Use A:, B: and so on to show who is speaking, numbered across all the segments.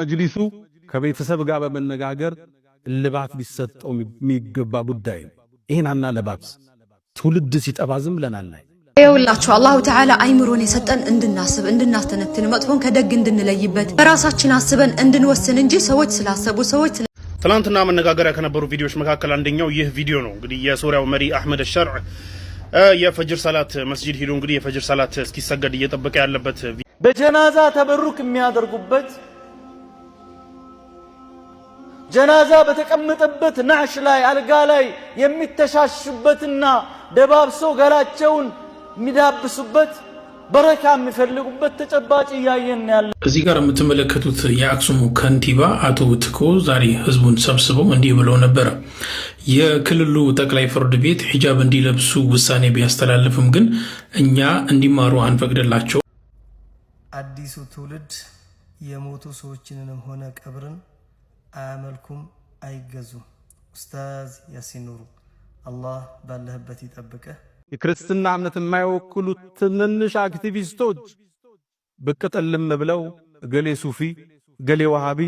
A: መጅሊሱ ከቤተሰብ ጋር በመነጋገር ልባት ሊሰጠው የሚገባ ጉዳይ ነው። ይህን አና ለባብስ ትውልድ ሲጠፋ ዝም ብለናል።
B: ይኸውላችሁ አላሁ ተዓላ አይምሮን የሰጠን እንድናስብ እንድናስተነትን፣ መጥፎን ከደግ እንድንለይበት፣ በራሳችን አስበን እንድንወስን እንጂ ሰዎች ስላሰቡ ሰዎች
C: ትናንትና መነጋገሪያ ከነበሩ ቪዲዮዎች መካከል አንደኛው ይህ ቪዲዮ ነው። እንግዲህ የሶሪያው መሪ አህመድ ሸርዕ የፈጅር ሰላት መስጂድ ሂዶ እንግዲህ የፈጅር ሰላት እስኪሰገድ እየጠበቀ ያለበት
D: በጀናዛ ተበሩክ የሚያደርጉበት ጀናዛ በተቀመጠበት ናሽ ላይ አልጋ ላይ የሚተሻሹበትና ደባብሶ ገላቸውን የሚዳብሱበት በረካ የሚፈልጉበት ተጨባጭ እያየን ያለ።
E: እዚህ ጋር የምትመለከቱት የአክሱሙ ከንቲባ አቶ ትኮ ዛሬ ህዝቡን ሰብስበው እንዲህ ብለው ነበረ። የክልሉ ጠቅላይ ፍርድ ቤት ሂጃብ እንዲለብሱ ውሳኔ ቢያስተላልፍም ግን እኛ እንዲማሩ አንፈቅድላቸው።
F: አዲሱ ትውልድ የሞቱ ሰዎችንንም ሆነ ቀብርን አያመልኩም፣ አይገዙም። ኡስታዝ ያሲን ኑሩ አላህ ባለህበት ይጠብቅህ።
A: የክርስትና እምነት የማይወክሉ ትንንሽ አክቲቪስቶች ብቅ ጥልም ብለው እገሌ ሱፊ፣ እገሌ ዋሃቢ።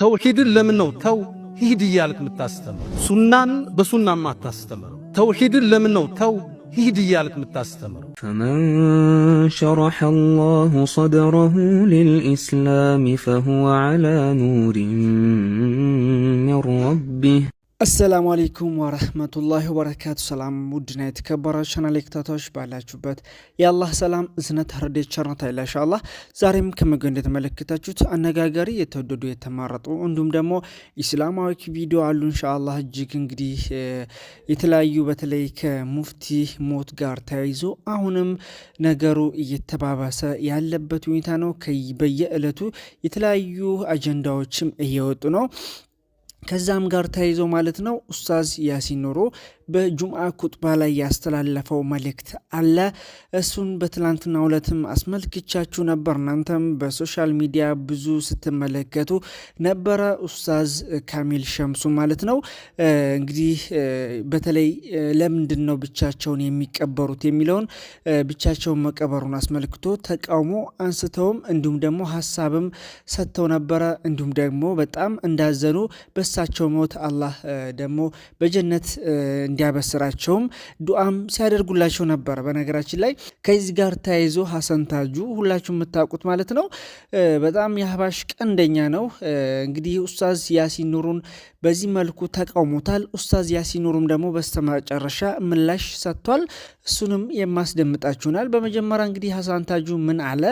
A: ተውሂድን ለምን ነው ተውሂድ እያልክ የምታስተምረው? ሱናን በሱና ማታስተምረው? ተውሂድን ለምን ነው ተው هي متاستمر
G: فمن شرح الله صدره للإسلام فهو على نور من ربه
H: አሰላሙ አሌይኩም ወረህመቱላሂ ወበረካቱ። ሰላም ውድና የተከበራችሁ ቻናል ተከታታዮች ባላችሁበት የአላህ ሰላም እዝነት ረዴት ቸርነት አይለሽ አላህ ዛሬም ከምግብ እንደተመለከታችሁት አነጋጋሪ የተወደዱ የተማረጡ እንዲሁም ደግሞ ኢስላማዊ ቪዲዮ አሉ። ኢንሻአላህ እጅግ እንግዲህ የተለያዩ በተለይ ከሙፍቲ ሞት ጋር ተያይዞ አሁንም ነገሩ እየተባባሰ ያለበት ሁኔታ ነው። በየዕለቱ የተለያዩ አጀንዳዎችም እየወጡ ነው። ከዛም ጋር ተያይዞ ማለት ነው ኡስታዝ ያሲን ኑሩ በጁምአ ቁጥባ ላይ ያስተላለፈው መልእክት አለ። እሱን በትላንትና ዕለትም አስመልክቻችሁ ነበር። እናንተም በሶሻል ሚዲያ ብዙ ስትመለከቱ ነበረ። ኡስታዝ ካሚል ሸምሱ ማለት ነው። እንግዲህ በተለይ ለምንድን ነው ብቻቸውን የሚቀበሩት የሚለውን ብቻቸውን መቀበሩን አስመልክቶ ተቃውሞ አንስተውም እንዲሁም ደግሞ ሀሳብም ሰጥተው ነበረ። እንዲሁም ደግሞ በጣም እንዳዘኑ በሳቸው ሞት አላህ ደግሞ በጀነት እንዲያበስራቸውም ዱዓም ሲያደርጉላቸው ነበር። በነገራችን ላይ ከዚህ ጋር ተያይዞ ሀሰን ታጁ ሁላችሁ የምታውቁት ማለት ነው፣ በጣም የአህባሽ ቀንደኛ ነው። እንግዲህ ኡስታዝ ያሲን ኑሩን በዚህ መልኩ ተቃውሞታል። ኡስታዝ ያሲን ኑሩም ደግሞ በስተመጨረሻ ምላሽ ሰጥቷል። እሱንም የማስደምጣችሁናል። በመጀመሪያ እንግዲህ ሀሳን ታጁ ምን አለ?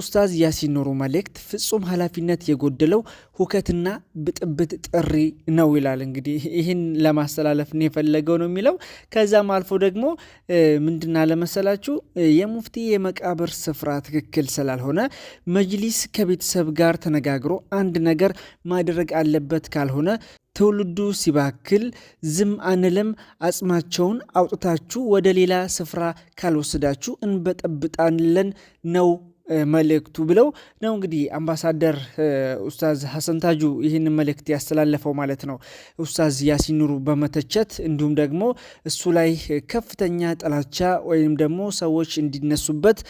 H: ኡስታዝ ያሲን ኑሩ መልእክት ፍጹም ኃላፊነት የጎደለው ሁከትና ብጥብጥ ጥሪ ነው ይላል። እንግዲህ ይህን ለማስተላለፍ ነው የፈለገው ነው የሚለው። ከዛም አልፎ ደግሞ ምንድና ለመሰላችሁ የሙፍቲ የመቃብር ስፍራ ትክክል ስላልሆነ መጅሊስ ከቤተሰብ ጋር ተነጋግሮ አንድ ነገር ማድረግ አለበት ካልሆነ ትውልዱ ሲባክል ዝም አንለም። አጽማቸውን አውጥታችሁ ወደ ሌላ ስፍራ ካልወሰዳችሁ እንበጠብጣለን ነው መልእክቱ ብለው ነው እንግዲህ አምባሳደር ኡስታዝ ሀሰን ታጁ ይህንን መልእክት ያስተላለፈው ማለት ነው። ኡስታዝ ያሲን ኑሩ በመተቸት እንዲሁም ደግሞ እሱ ላይ ከፍተኛ ጥላቻ ወይም ደግሞ ሰዎች እንዲነሱበት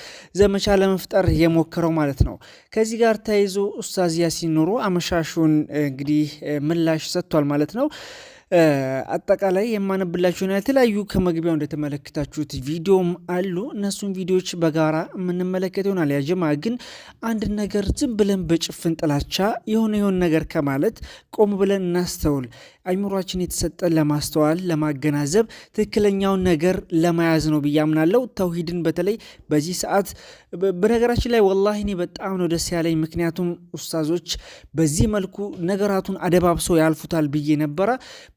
H: ዘመቻ ለመፍጠር የሞከረው ማለት ነው። ከዚህ ጋር ተያይዞ ኡስታዝ ያሲን ኑሩ አመሻሹን እንግዲህ ምላሽ ሰጥቷል ማለት ነው። አጠቃላይ የማነብላችሁና የተለያዩ ከመግቢያው እንደተመለከታችሁት ቪዲዮም አሉ። እነሱን ቪዲዮዎች በጋራ የምንመለከት ይሆናል። ያጀማ ግን አንድ ነገር ዝም ብለን በጭፍን ጥላቻ የሆነ የሆን ነገር ከማለት ቆም ብለን እናስተውል። አይምሯችን የተሰጠን ለማስተዋል፣ ለማገናዘብ፣ ትክክለኛውን ነገር ለመያዝ ነው ብዬ ተውሂድን በተለይ በዚህ ሰዓት በነገራችን ላይ ወላሂ እኔ በጣም ነው ደስ ያለኝ። ምክንያቱም ኡስታዞች በዚህ መልኩ ነገራቱን አደባብሰው ያልፉታል ብዬ ነበረ።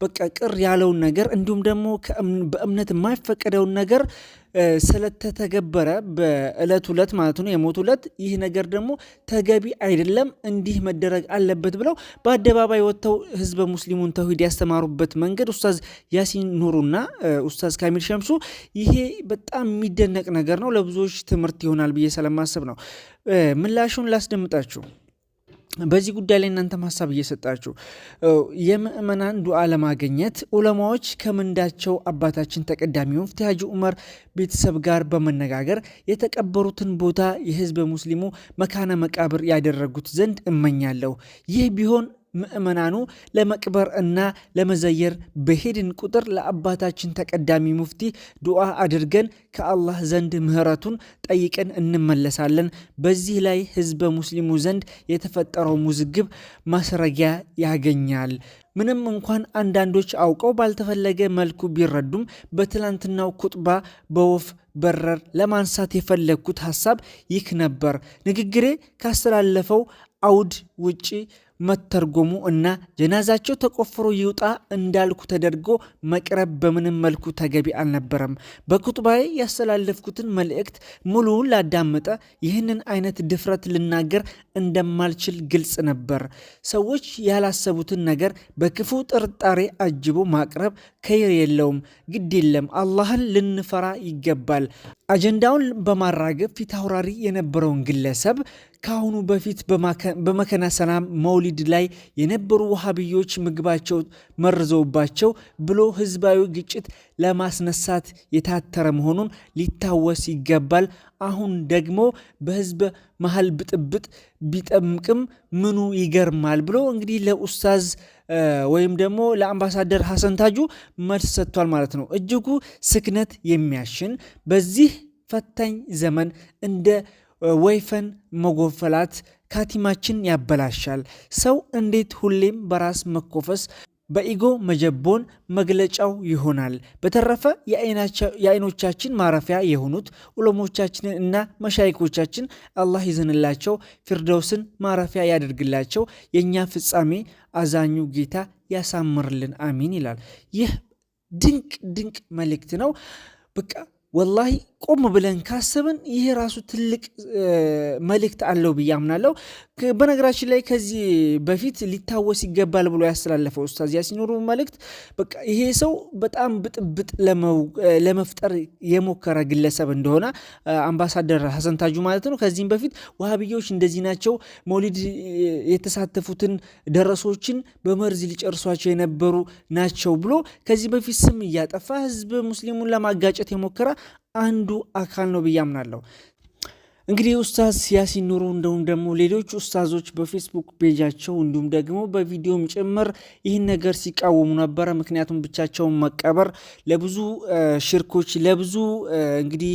H: በቃ ቅር ያለውን ነገር እንዲሁም ደግሞ በእምነት የማይፈቀደውን ነገር ስለተተገበረ በእለት ሁለት ማለት ነው የሞት ሁለት ይህ ነገር ደግሞ ተገቢ አይደለም፣ እንዲህ መደረግ አለበት ብለው በአደባባይ ወጥተው ህዝበ ሙስሊሙን ተውሂድ ያስተማሩበት መንገድ ኡስታዝ ያሲን ኑሩና ኡስታዝ ካሚል ሸምሱ፣ ይሄ በጣም የሚደነቅ ነገር ነው። ለብዙዎች ትምህርት ይሆናል ብዬ ስለማስብ ነው ምላሹን ላስደምጣችሁ። በዚህ ጉዳይ ላይ እናንተም ሀሳብ እየሰጣችሁ የምእመናን ዱዓ ለማገኘት ዑለማዎች ከምንዳቸው አባታችን ተቀዳሚ ሙፍቲ ዑመር ቤተሰብ ጋር በመነጋገር የተቀበሩትን ቦታ የህዝበ ሙስሊሙ መካነ መቃብር ያደረጉት ዘንድ እመኛለሁ። ይህ ቢሆን ምዕመናኑ ለመቅበር እና ለመዘየር በሄድን ቁጥር ለአባታችን ተቀዳሚ ሙፍቲ ዱዓ አድርገን ከአላህ ዘንድ ምህረቱን ጠይቀን እንመለሳለን። በዚህ ላይ ህዝበ ሙስሊሙ ዘንድ የተፈጠረው ውዝግብ ማስረጊያ ያገኛል። ምንም እንኳን አንዳንዶች አውቀው ባልተፈለገ መልኩ ቢረዱም በትላንትናው ኩጥባ በወፍ በረር ለማንሳት የፈለግኩት ሀሳብ ይህ ነበር። ንግግሬ ካስተላለፈው አውድ ውጪ መተርጎሙ እና ጀናዛቸው ተቆፍሮ ይውጣ እንዳልኩ ተደርጎ መቅረብ በምንም መልኩ ተገቢ አልነበረም። በኩጥባዬ ያስተላለፍኩትን መልእክት ሙሉውን ላዳመጠ ይህንን አይነት ድፍረት ልናገር እንደማልችል ግልጽ ነበር። ሰዎች ያላሰቡትን ነገር በክፉ ጥርጣሬ አጅቦ ማቅረብ ከይር የለውም፣ ግድ የለም። አላህን ልንፈራ ይገባል። አጀንዳውን በማራገብ ፊት አውራሪ የነበረውን ግለሰብ ከአሁኑ በፊት በመከነ ሰላም መውሊድ ላይ የነበሩ ውሃብዮች ምግባቸው መርዘውባቸው ብሎ ህዝባዊ ግጭት ለማስነሳት የታተረ መሆኑን ሊታወስ ይገባል። አሁን ደግሞ በህዝብ መሀል ብጥብጥ ቢጠምቅም ምኑ ይገርማል ብሎ እንግዲህ ለኡስታዝ ወይም ደግሞ ለአምባሳደር ሀሰን ታጁ መልስ ሰጥቷል ማለት ነው። እጅጉ ስክነት የሚያሽን በዚህ ፈታኝ ዘመን እንደ ወይፈን መጎፈላት ካቲማችን ያበላሻል። ሰው እንዴት ሁሌም በራስ መኮፈስ በኢጎ መጀቦን መግለጫው ይሆናል። በተረፈ የአይኖቻችን ማረፊያ የሆኑት ዑለሞቻችንን እና መሻይኮቻችን አላህ ይዘንላቸው፣ ፊርደውስን ማረፊያ ያደርግላቸው። የእኛ ፍጻሜ አዛኙ ጌታ ያሳምርልን፣ አሚን ይላል። ይህ ድንቅ ድንቅ መልእክት ነው። በቃ ወላሂ ቆም ብለን ካሰብን ይሄ ራሱ ትልቅ መልእክት አለው ብዬ አምናለሁ። በነገራችን ላይ ከዚህ በፊት ሊታወስ ይገባል ብሎ ያስተላለፈው ኡስታዝ ያሲን ኑሩ መልእክት በቃ ይሄ ሰው በጣም ብጥብጥ ለመፍጠር የሞከረ ግለሰብ እንደሆነ አምባሳደር ሀሰን ታጁ ማለት ነው። ከዚህም በፊት ዋሃብያዎች እንደዚህ ናቸው፣ መውሊድ የተሳተፉትን ደረሶችን በመርዝ ሊጨርሷቸው የነበሩ ናቸው ብሎ ከዚህ በፊት ስም እያጠፋ ህዝብ ሙስሊሙን ለማጋጨት የሞከረ አንዱ አካል ነው ብዬ አምናለሁ። እንግዲህ ኡስታዝ ያሲን ኑሩ እንደሁም ደግሞ ሌሎች ኡስታዞች በፌስቡክ ፔጃቸው እንዲሁም ደግሞ በቪዲዮም ጭምር ይህን ነገር ሲቃወሙ ነበረ። ምክንያቱም ብቻቸውን መቀበር ለብዙ ሽርኮች፣ ለብዙ እንግዲህ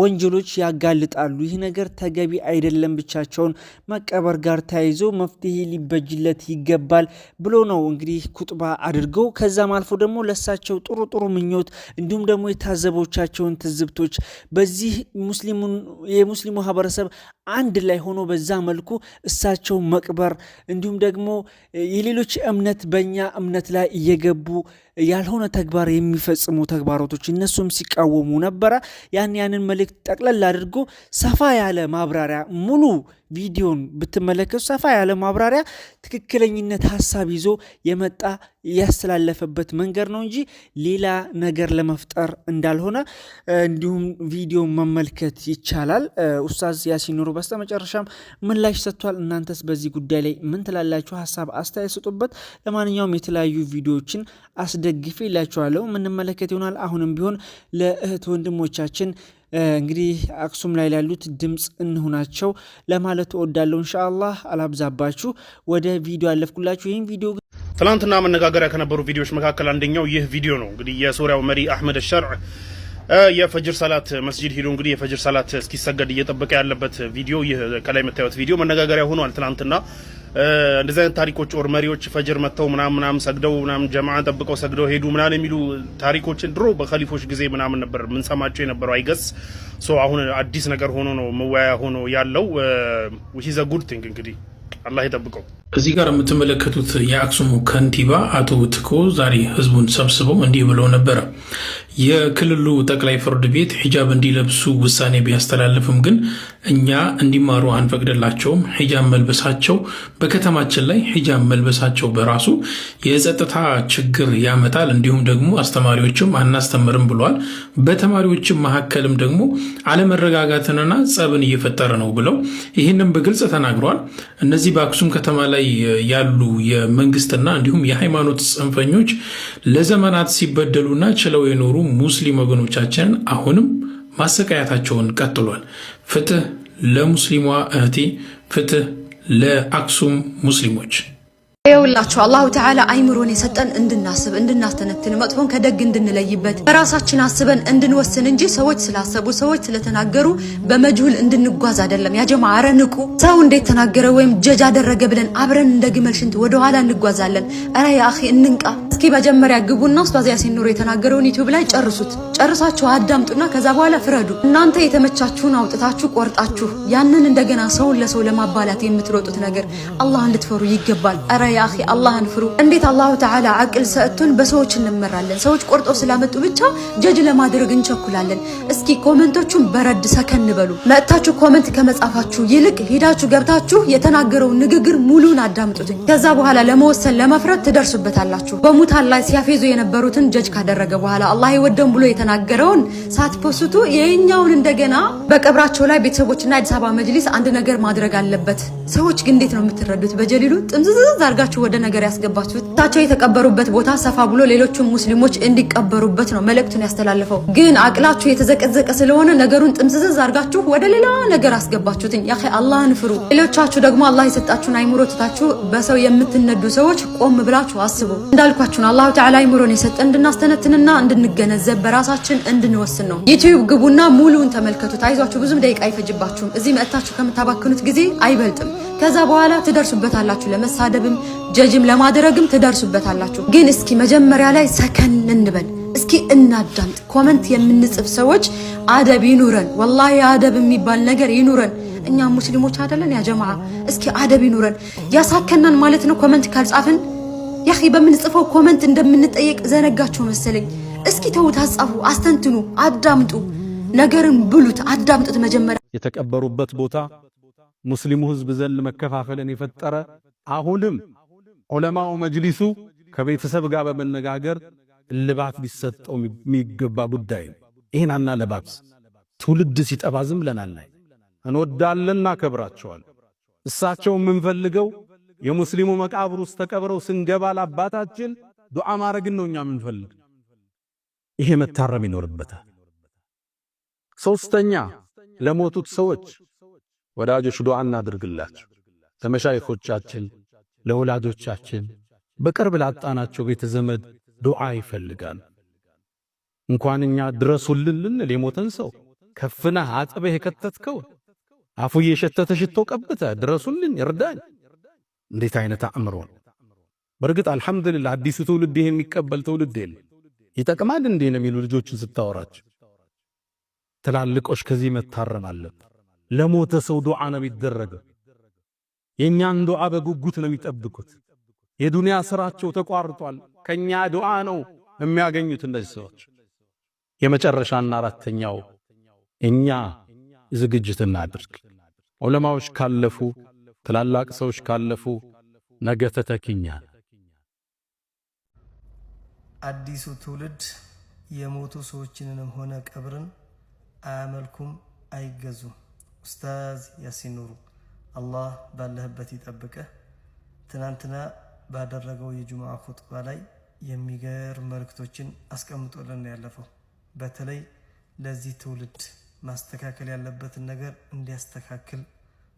H: ወንጀሎች ያጋልጣሉ። ይህ ነገር ተገቢ አይደለም። ብቻቸውን መቀበር ጋር ተያይዞ መፍትሄ ሊበጅለት ይገባል ብሎ ነው እንግዲህ ኩጥባ አድርገው ከዛም አልፎ ደግሞ ለሳቸው ጥሩ ጥሩ ምኞት እንዲሁም ደግሞ የታዘቦቻቸውን ትዝብቶች በዚህ ሙስሊም የሙስሊም ማህበረሰብ አንድ ላይ ሆኖ በዛ መልኩ እሳቸው መቅበር እንዲሁም ደግሞ የሌሎች እምነት በእኛ እምነት ላይ እየገቡ ያልሆነ ተግባር የሚፈጽሙ ተግባራቶች እነሱም ሲቃወሙ ነበረ። ያን ያንን መልእክት ጠቅለል አድርጎ ሰፋ ያለ ማብራሪያ ሙሉ ቪዲዮን ብትመለከቱ ሰፋ ያለ ማብራሪያ ትክክለኝነት ሀሳብ ይዞ የመጣ ያስተላለፈበት መንገድ ነው እንጂ ሌላ ነገር ለመፍጠር እንዳልሆነ እንዲሁም ቪዲዮ መመልከት ይቻላል። ኡስታዝ ያሲን ኑሩ በስተ መጨረሻም ምላሽ ሰጥቷል። እናንተስ በዚህ ጉዳይ ላይ ምን ትላላችሁ? ሀሳብ አስተያየት ስጡበት። ለማንኛውም የተለያዩ ቪዲዮዎችን አስደግፌ ይላችኋለሁ የምንመለከት ይሆናል። አሁንም ቢሆን ለእህት ወንድሞቻችን እንግዲህ አክሱም ላይ ላሉት ድምፅ እንሁናቸው ለማለት እወዳለሁ። እንሻአላህ አላብዛባችሁ፣ ወደ ቪዲዮ አለፍኩላችሁ። ይህም ቪዲዮ
C: ትናንትና መነጋገሪያ ከነበሩ ቪዲዮዎች መካከል አንደኛው ይህ ቪዲዮ ነው። እንግዲህ የሶሪያው መሪ አህመድ ሸርዕ የፈጅር ሰላት መስጂድ ሄዶ እንግዲህ የፈጅር ሰላት እስኪሰገድ እየጠበቀ ያለበት ቪዲዮ ይህ ከላይ የምታዩት ቪዲዮ መነጋገሪያ ሆኗል። ትናንትና እንደዚህ አይነት ታሪኮች ኦር መሪዎች ፈጅር መጥተው ምናምን ምናምን ሰግደው ምናምን ጀማዓ ጠብቀው ሰግደው ሄዱ ምናምን የሚሉ ታሪኮችን ድሮ በከሊፎች ጊዜ ምናምን ነበር ምንሰማቸው የነበረው። አይገስ ሶ አሁን አዲስ ነገር ሆኖ ነው መወያያ ሆኖ ያለው ዊች ኢዝ አ ጉድ ቲንግ እንግዲህ አላህ ይጠብቀው።
E: እዚህ ጋር የምትመለከቱት የአክሱሙ ከንቲባ አቶ ትኮ ዛሬ ህዝቡን ሰብስበው እንዲህ ብለው ነበረ። የክልሉ ጠቅላይ ፍርድ ቤት ሂጃብ እንዲለብሱ ውሳኔ ቢያስተላልፍም ግን እኛ እንዲማሩ አንፈቅድላቸውም። ሂጃብ መልበሳቸው በከተማችን ላይ ሂጃብ መልበሳቸው በራሱ የጸጥታ ችግር ያመጣል፣ እንዲሁም ደግሞ አስተማሪዎችም አናስተምርም ብለዋል። በተማሪዎችም መካከልም ደግሞ አለመረጋጋትንና ጸብን እየፈጠረ ነው ብለው ይህንም በግልጽ ተናግረዋል። እነዚህ በአክሱም ከተማ ላይ ያሉ የመንግስትና እንዲሁም የሃይማኖት ጽንፈኞች ለዘመናት ሲበደሉና ችለው የኖሩ ሙስሊም ወገኖቻችንን አሁንም ማሰቃያታቸውን ቀጥሏል። ፍትህ ለሙስሊሟ እህቴ፣ ፍትህ ለአክሱም ሙስሊሞች።
B: ይውላችሁ አላሁ ተዓላ አይምሮን የሰጠን እንድናስብ እንድናስተነትን መጥፎን ከደግ እንድንለይበት በራሳችን አስበን እንድንወስን እንጂ ሰዎች ስላሰቡ ሰዎች ስለተናገሩ በመጅሁል እንድንጓዝ አይደለም። ያጀማ ንቁ ሰው እንዴት ተናገረ ወይም ጀጅ አደረገ ብለን አብረን እንደ ግመል ሽንት ወደኋላ እንጓዛለን። እረ የአኺ እንንቃ። መጀመሪያ ግቡና ኡስታዝ ያሲን ኑሩ የተናገረውን ዩቲዩብ ላይ ጨርሱት። ጨርሳችሁ አዳምጡና ከዛ በኋላ ፍረዱ። እናንተ የተመቻችሁን አውጥታችሁ ቆርጣችሁ ያንን እንደገና ሰውን ለሰው ለማባላት የምትሮጡት ነገር አላህን ልትፈሩ ይገባል። አረ ያኺ አላህን ፍሩ። እንዴት አላሁ ተዓላ አቅል ሰጥቶን በሰዎች እንመራለን? ሰዎች ቆርጦ ስላመጡ ብቻ ጀጅ ለማድረግ እንቸኩላለን። እስኪ ኮመንቶቹን በረድ ሰከን በሉ። መጥታችሁ ኮመንት ከመጻፋችሁ ይልቅ ሄዳችሁ ገብታችሁ የተናገረውን ንግግር ሙሉን አዳምጡት። ከዛ በኋላ ለመወሰን ለመፍረድ ትደርሱበታላችሁ። ላይ ሲያፌዙ የነበሩትን ጀጅ ካደረገ በኋላ አላህ ይወደን ብሎ የተናገረውን ሳትፖስቱ የኛውን እንደገና በቀብራቸው ላይ ቤተሰቦችና የአዲስ አበባ መጅሊስ አንድ ነገር ማድረግ አለበት። ሰዎች ግን እንዴት ነው የምትረዱት? በጀሊሉ ጥምዝዝዝ አድርጋችሁ ወደ ነገር ያስገባችሁት። ታቸው የተቀበሩበት ቦታ ሰፋ ብሎ ሌሎቹን ሙስሊሞች እንዲቀበሩበት ነው መልእክቱን ያስተላልፈው ግን አቅላችሁ የተዘቀዘቀ ስለሆነ ነገሩን ጥምዝዝዝ አድርጋችሁ ወደ ሌላ ነገር አስገባችሁትኝ። ያ አላህን ፍሩ። ሌሎቻችሁ ደግሞ አላህ የሰጣችሁን አይምሮ ትታችሁ በሰው የምትነዱ ሰዎች ቆም ብላችሁ አስቡ። እንዳልኳችሁ ነው። አላሁ ተዓላ አይምሮን የሰጠን እንድናስተነትንና እንድንገነዘብ በራሳችን እንድንወስን ነው። ዩቲዩብ ግቡና ሙሉውን ተመልከቱት። አይዟችሁ፣ ብዙም ደቂቃ አይፈጅባችሁም። እዚህ መጥታችሁ ከምታባክኑት ጊዜ አይበልጥም። ከዛ በኋላ ትደርሱበታላችሁ። ለመሳደብም ጀጅም ለማድረግም ትደርሱበታላችሁ። ግን እስኪ መጀመሪያ ላይ ሰከን እንበል። እስኪ እናዳምጥ። ኮመንት የምንጽፍ ሰዎች አደብ ይኑረን። ወላሂ አደብ የሚባል ነገር ይኑረን። እኛ ሙስሊሞች አይደለን ያ ጀማዓ? እስኪ አደብ ይኑረን። ያሳከናን ማለት ነው ኮመንት ካልጻፍን ያኺ በምንጽፈው ኮመንት እንደምንጠየቅ ዘነጋችሁ መሰለኝ። እስኪ ተውት፣ አጻፉ፣ አስተንትኑ፣ አዳምጡ፣ ነገርን ብሉት፣ አዳምጡት። መጀመሪያ
A: የተቀበሩበት ቦታ ሙስሊሙ ህዝብ ዘንድ መከፋፈልን የፈጠረ አሁንም ዑለማው መጅሊሱ ከቤተሰብ ጋር በመነጋገር ልባት ሊሰጠው የሚገባ ጉዳይ ነው። ይህን አና ትውልድ ሲጠባ ዝም ብለናል። እንወዳለን፣ እናከብራቸዋል። እሳቸው የምንፈልገው የሙስሊሙ መቃብር ውስጥ ተቀብረው ስንገባ ለአባታችን ዱዓ ማረግን ነው እኛ የምንፈልግ። ይሄ መታረም ይኖርበታል። ሶስተኛ ለሞቱት ሰዎች ወዳጆች ዱዓ እናድርግላቸው። ለመሻይኾቻችን፣ ለወላጆቻችን፣ በቅርብ ላጣናቸው ቤተ ዘመድ ዱዓ ይፈልጋል። እንኳን እኛ ድረሱልን ልንል የሞተን ሰው ከፍና አጥበህ የከተትከው አፉ የሸተተ ሽቶ ቀብተ ድረሱልን ይርዳኝ እንዴት አይነት አእምሮ ነው! በእርግጥ አልሐምዱሊላህ አዲሱ ትውልድ ይሄን የሚቀበል ትውልድ የለም። ይጠቅማል እንዴ ነው የሚሉ ልጆቹን ስታወራቸው፣ ትላልቆች ከዚህ መታረም አለብን። ለሞተ ሰው ዱዓ ነው የሚደረገው። የእኛን ዱዓ በጉጉት ነው የሚጠብቁት። የዱንያ ስራቸው ተቋርጧል። ከኛ ዱዓ ነው የሚያገኙት እነዚህ ሰዎች። የመጨረሻና አራተኛው እኛ ዝግጅት እናድርግ። ዑለማዎች ካለፉ ትላላቅ ሰዎች ካለፉ ነገ ተተኪኛል።
F: አዲሱ ትውልድ የሞቱ ሰዎችንም ሆነ ቀብርን አያመልኩም፣ አይገዙም። ኡስታዝ ያሲን ኑሩ አላህ ባለህበት ይጠብቅህ። ትናንትና ባደረገው የጁምዓ ኹጥባ ላይ የሚገርም መልእክቶችን አስቀምጦልን ያለፈው በተለይ ለዚህ ትውልድ ማስተካከል ያለበትን ነገር እንዲያስተካክል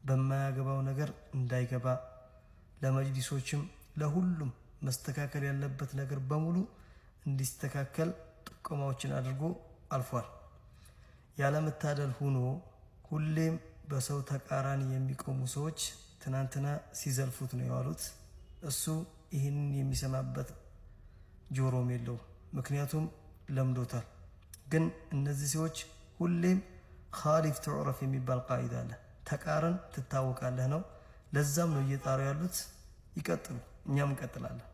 F: በማያገባው ነገር እንዳይገባ ለመጅሊሶችም ለሁሉም መስተካከል ያለበት ነገር በሙሉ እንዲስተካከል ጥቆማዎችን አድርጎ አልፏል። ያለመታደል ሆኖ ሁሌም በሰው ተቃራኒ የሚቆሙ ሰዎች ትናንትና ሲዘልፉት ነው የዋሉት። እሱ ይህንን የሚሰማበት ጆሮም የለውም፣ ምክንያቱም ለምዶታል። ግን እነዚህ ሰዎች ሁሌም ካሊፍ ትዑረፍ የሚባል ቃይዳ አለ ተቃረን ትታወቃለህ ነው። ለዛም ነው እየጣሩ ያሉት። ይቀጥሉ፣ እኛም እንቀጥላለን።